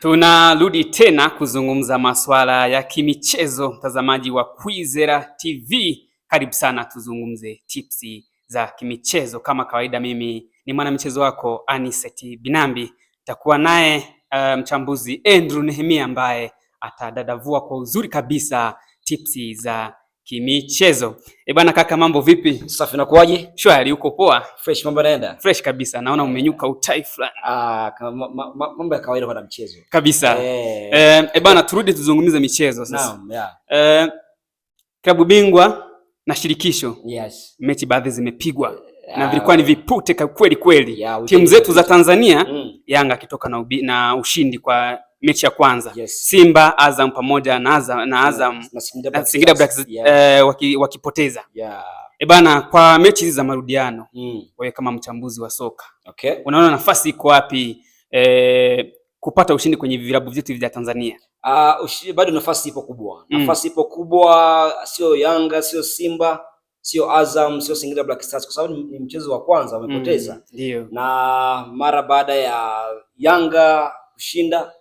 Tunarudi tena kuzungumza masuala ya kimichezo, mtazamaji wa Kwizera TV, karibu sana, tuzungumze tipsi za kimichezo. Kama kawaida, mimi ni mwanamichezo wako Aniseti Binambi, takuwa naye eh, mchambuzi Andrew Nehemia ambaye atadadavua kwa uzuri kabisa tipsi za kimichezo. Eh, bwana kaka, mambo vipi? Safi, nakuaje? Shwari, uko poa? Fresh, mambo yanaenda? Fresh kabisa. Naona umenyuka utai fulani. Ah, mambo ya kawaida kwa mchezo. Kabisa. Eh, eh, eh bwana turudi tuzungumze michezo sasa. Naam, yeah. Eh, klabu bingwa na shirikisho. Yes. Mechi baadhi zimepigwa na ah. vilikuwa ni vipute kweli kweli. Timu zetu za Tanzania mm. Yanga akitoka na, na ushindi kwa mechi ya kwanza yes. Simba Azam pamoja na Azam, na Azam na Singida Black yeah. eh, waki, wakipoteza yeah. E bana, kwa mechi hizi za marudiano mm. Wewe kama mchambuzi wa soka okay. Unaona nafasi iko wapi eh, kupata ushindi kwenye vilabu vyetu vya Tanzania? Uh, bado nafasi ipo kubwa mm. Nafasi ipo kubwa, sio Yanga, sio Simba sio Azam sio Singida Black Stars kwa sababu ni mchezo wa kwanza mm, wamepoteza, mm, na mara baada ya Yanga kushinda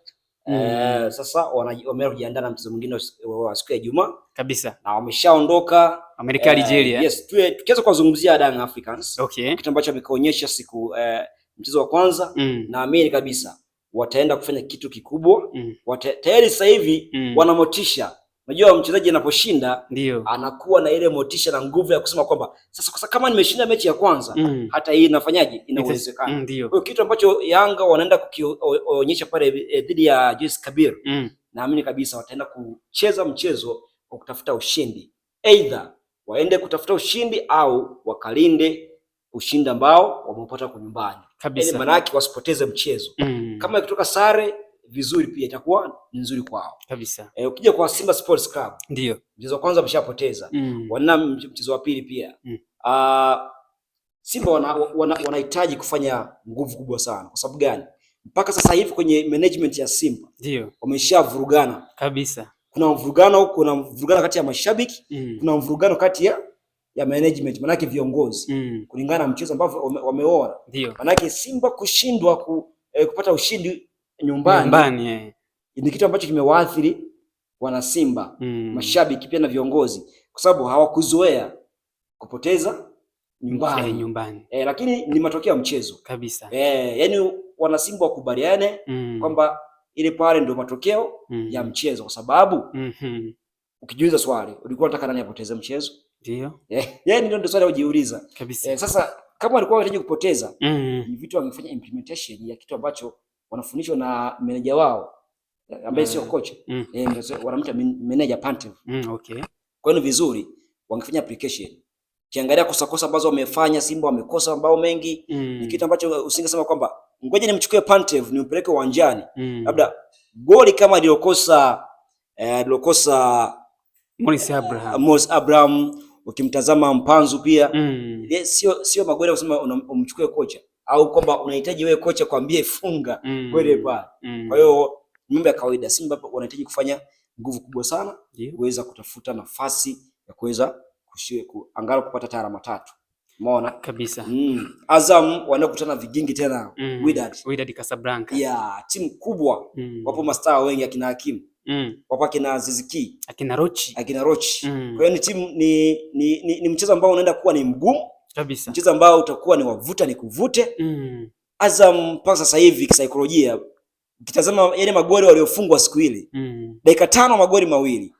Mm. sasa wameenda kujiandaa na mchezo mwingine wa siku ya Ijumaa kabisa na wameshaondoka Amerika eh, Algeria. yes, tukianza kuwazungumzia Young Africans. Okay. Kitu ambacho amekaonyesha siku eh, mchezo wa kwanza mm. naamini kabisa wataenda kufanya kitu kikubwa mm. tayari sasa hivi mm. wanamotisha Unajua mchezaji anaposhinda ndio anakuwa na ile motisha na nguvu ya kusema kwamba sasa kwa kama nimeshinda mechi ya kwanza mm. hata hii inafanyaje, inawezekana. Mm, ndio. Kwa kitu ambacho Yanga wanaenda kukionyesha pale eh, dhidi ya JS Kabir mm. naamini kabisa wataenda kucheza mchezo wa kutafuta ushindi, Either waende kutafuta ushindi au wakalinde ushindi ambao wameupata kwa nyumbani, yaani maana yake wasipoteze mchezo mm. kama ikitoka sare vizuri pia itakuwa ni nzuri kwao kabisa. E, ukija kwa Simba Sports Club ndio mchezo wa kwanza wameshapoteza mm. wana mchezo wa pili pia mm. Uh, Simba wanahitaji wana, wana kufanya nguvu kubwa sana. Kwa sababu gani? Mpaka sasa hivi kwenye management ya Simba ndio wameshavurugana kabisa. Kuna mvurugano, huko, kuna mvurugano kati ya mashabiki mm. kuna mvurugano kati ya ya management manake viongozi mm. kulingana na mchezo ambao wameona, manake Simba kushindwa ku, eh, kupata ushindi nyumbani, nyumbani yeah. Ni kitu ambacho kimewaathiri wana Simba mm. mashabiki pia na viongozi, kwa sababu hawakuzoea kupoteza nyumbani, eh, nyumbani. Eh, lakini ni matokeo ya mchezo kabisa. eh, yani wana Simba wakubaliane mm. kwamba ile pale ndio matokeo mm. ya mchezo kwa sababu mm -hmm. Ukijiuliza swali ulikuwa unataka nani apoteze mchezo? Ndio. Eh, yani ndio ndio swali unajiuliza. Kabisa. Eh, sasa kama walikuwa wanahitaji kupoteza, mm ni vitu wangefanya implementation ya kitu ambacho wanafundishwa na meneja wao ambaye sio mm. kocha, mm. eh, wanamta meneja Pantev. Mm, okay, kwa hiyo vizuri wangefanya application kiangalia kosa kosa ambazo wamefanya Simba wamekosa mabao mengi mm. ni kitu ambacho usingesema kwamba ngoja nimchukue Pantev nimpeleke uwanjani mm. labda goli kama alilokosa eh, Morris Abraham, eh, Morris Abraham ukimtazama Mpanzu pia mm. sio sio magoli kusema umchukue kocha au kwamba unahitaji wewe kocha kwambie funga mm, kwende mm. Kwa hiyo mambo ya kawaida, Simba wanahitaji kufanya nguvu kubwa sana kuweza kutafuta nafasi ya kuweza kushie angalau kupata alama matatu Umeona kabisa. Mm. Azam wanakutana vigingi tena mm. Wydad. Wydad Casablanca. Yeah, timu kubwa mm. Wapo mastaa wengi akina Hakim mm. Wapo akina Ziziki akina Rochi akina Rochi mm. Kwa hiyo ni timu ni, ni, ni, ni mchezo ambao unaenda kuwa ni mgumu kabisa, mchezo ambao utakuwa ni wavuta ni kuvute mm. Azam mpaka sasa hivi kisaikolojia ukitazama yale magoli waliofungwa siku ile mm. dakika tano magoli mawili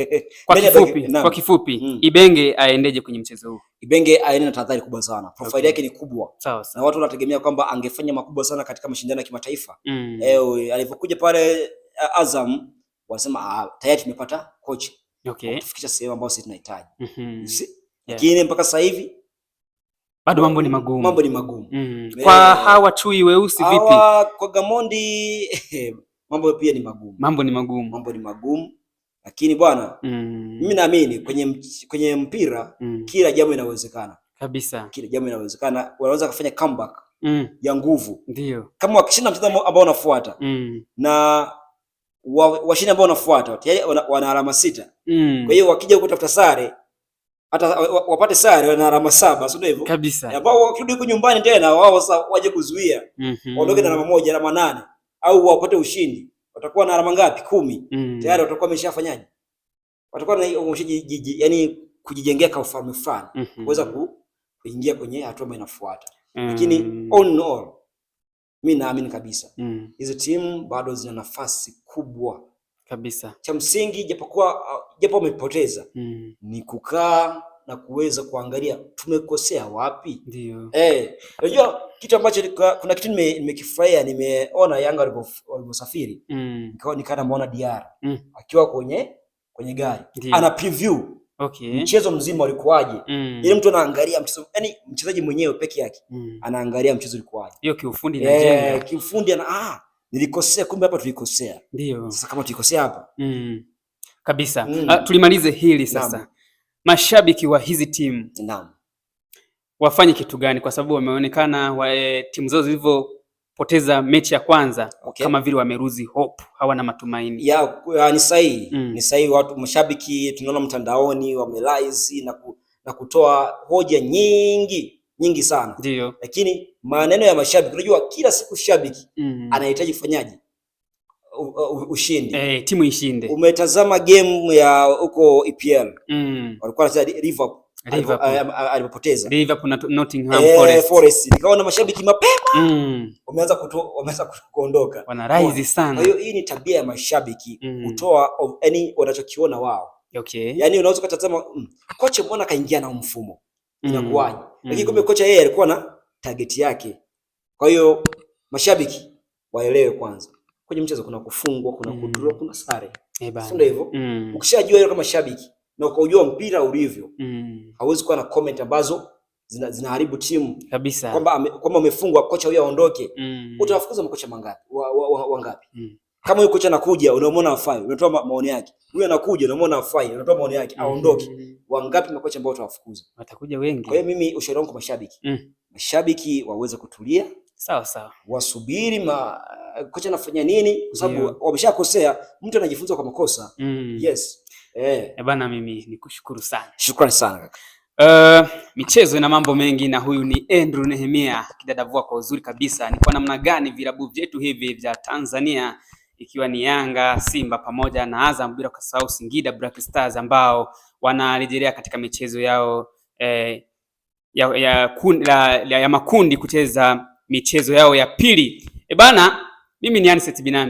kwa kifupi, kwa kifupi mm. Ibenge aendeje kwenye mchezo huu? Ibenge aende na tahadhari kubwa sana, profile okay. yake ni kubwa sao, sao. na watu wanategemea kwamba angefanya makubwa sana katika mashindano ya kimataifa mm. Eh, alipokuja pale eh, Azam wanasema ah, tayari tumepata kocha okay. tufikisha sehemu ambayo sisi tunahitaji mhm. lakini mm -hmm. yeah. mpaka sasa hivi bado mambo ni magumu, mambo ni magumu mm. Eh, kwa e, hawa chui weusi hawa, vipi? Kwa Gamondi eh, mambo pia ni magumu, mambo ni magumu, mambo ni magumu, lakini bwana mm. mimi naamini kwenye, kwenye mpira mm. kila jambo inawezekana kabisa, kila jambo inawezekana. Wanaweza kufanya comeback mm. ya nguvu, ndio kama wakishinda mchezo ambao unafuata mm. na washinda ambao wanafuata wana alama sita mm. kwa hiyo wakija kutafuta sare hata wapate sare na alama saba, sio hivyo kabisa, ambao wakirudi huko nyumbani tena wao sasa waje kuzuia mm -hmm. waondoke na alama moja, alama nane au wapate ushindi, watakuwa na alama ngapi? Kumi mm -hmm. tayari watakuwa wameshafanyaje, watakuwa na yani kujijengea ka ufalme fulani mm -hmm. kuweza kuingia kwenye hatua ambayo inafuata mm -hmm. lakini on all mimi naamini kabisa hizo mm -hmm. timu bado zina nafasi kubwa kabisa, cha msingi japokuwa japo umepoteza mm. ni kukaa na kuweza kuangalia tumekosea wapi. Ndio eh, unajua kitu ambacho kuna kitu nimekifurahia nime nimeona Yanga walivyosafiri mm. nikawa nikana muona DR mm. akiwa kwenye kwenye gari Ndiyo. ana preview okay. mchezo mzima ulikuwaje mm. ile mtu anaangalia mchezo yani mchezaji mwenyewe peke yake mm. anaangalia mchezo ulikuwaje, hiyo kiufundi na eh, kiufundi ana ah, nilikosea kumbe hapa tulikosea. Ndio sasa kama tulikosea hapa mm kabisa mm. Uh, tulimalize hili sasa Naam. Mashabiki wa hizi timu wafanye kitu gani? Kwa sababu wameonekana wa, e, timu zao zilivyopoteza mechi ya kwanza okay. kama vile wameruzi hope, hawana matumaini ya, uh, ni sahihi mm. ni sahihi. Watu mashabiki tunaona mtandaoni wamelaizi na, ku, na kutoa hoja nyingi nyingi sana, ndio lakini maneno ya mashabiki, unajua kila siku shabiki mm. anahitaji kufanyaje ushindi eh, timu ishinde. Umetazama game ya huko EPL mm. walikuwa wanacheza Liverpool alipopoteza eh, Liverpool na Nottingham eh, Forest, nikaona mashabiki mapema mm. wameanza wameanza kuondoka, wana rise sana. Kwa hiyo hii ni tabia ya mashabiki mm. kutoa yani wanachokiona wao, okay. Yani unaweza ukatazama mm, kocha, mbona kaingia na mfumo inakuwaje? Lakini kumbe kocha yeye alikuwa na target yake. Kwa hiyo mashabiki waelewe kwanza kwenye mchezo kuna kufungwa, kuna mm. kudraw, kuna sare, eh, Sio ndio hivyo? mm. Ukishajua hilo kama shabiki na ukaujua mpira ulivyo, mm. hauwezi kuwa na comment ambazo zinaharibu zina timu kabisa, kwamba kwamba umefungwa, kocha huyo aondoke. mm. Utawafukuza makocha mangapi wangapi? mm. Kama huyo kocha anakuja, unamwona afai, unatoa maoni yake. Huyo anakuja, unamwona afai, unatoa maoni yake, aondoke. Wangapi makocha ambao utawafukuza? Watakuja wengi. Kwa hiyo mimi ushauri wangu kwa mashabiki, mm. mashabiki waweze kutulia sawa sawa, wasubiri ma kocha anafanya nini, kwa sababu wameshakosea, mtu anajifunza kwa makosa mm. Yes eh, eh bana, mimi nikushukuru sana, shukrani sana kaka. Uh, michezo ina mambo mengi na huyu ni Andrew Nehemia kidadavua kwa uzuri kabisa ni kwa namna gani vilabu vyetu hivi vya Tanzania ikiwa ni Yanga, Simba pamoja na Azam bila kusahau Singida Black Stars ambao wanarejelea katika michezo yao eh, ya, ya, kun, la, ya, ya makundi kucheza michezo yao ya pili. E bana, mimi ni Anset Binambi.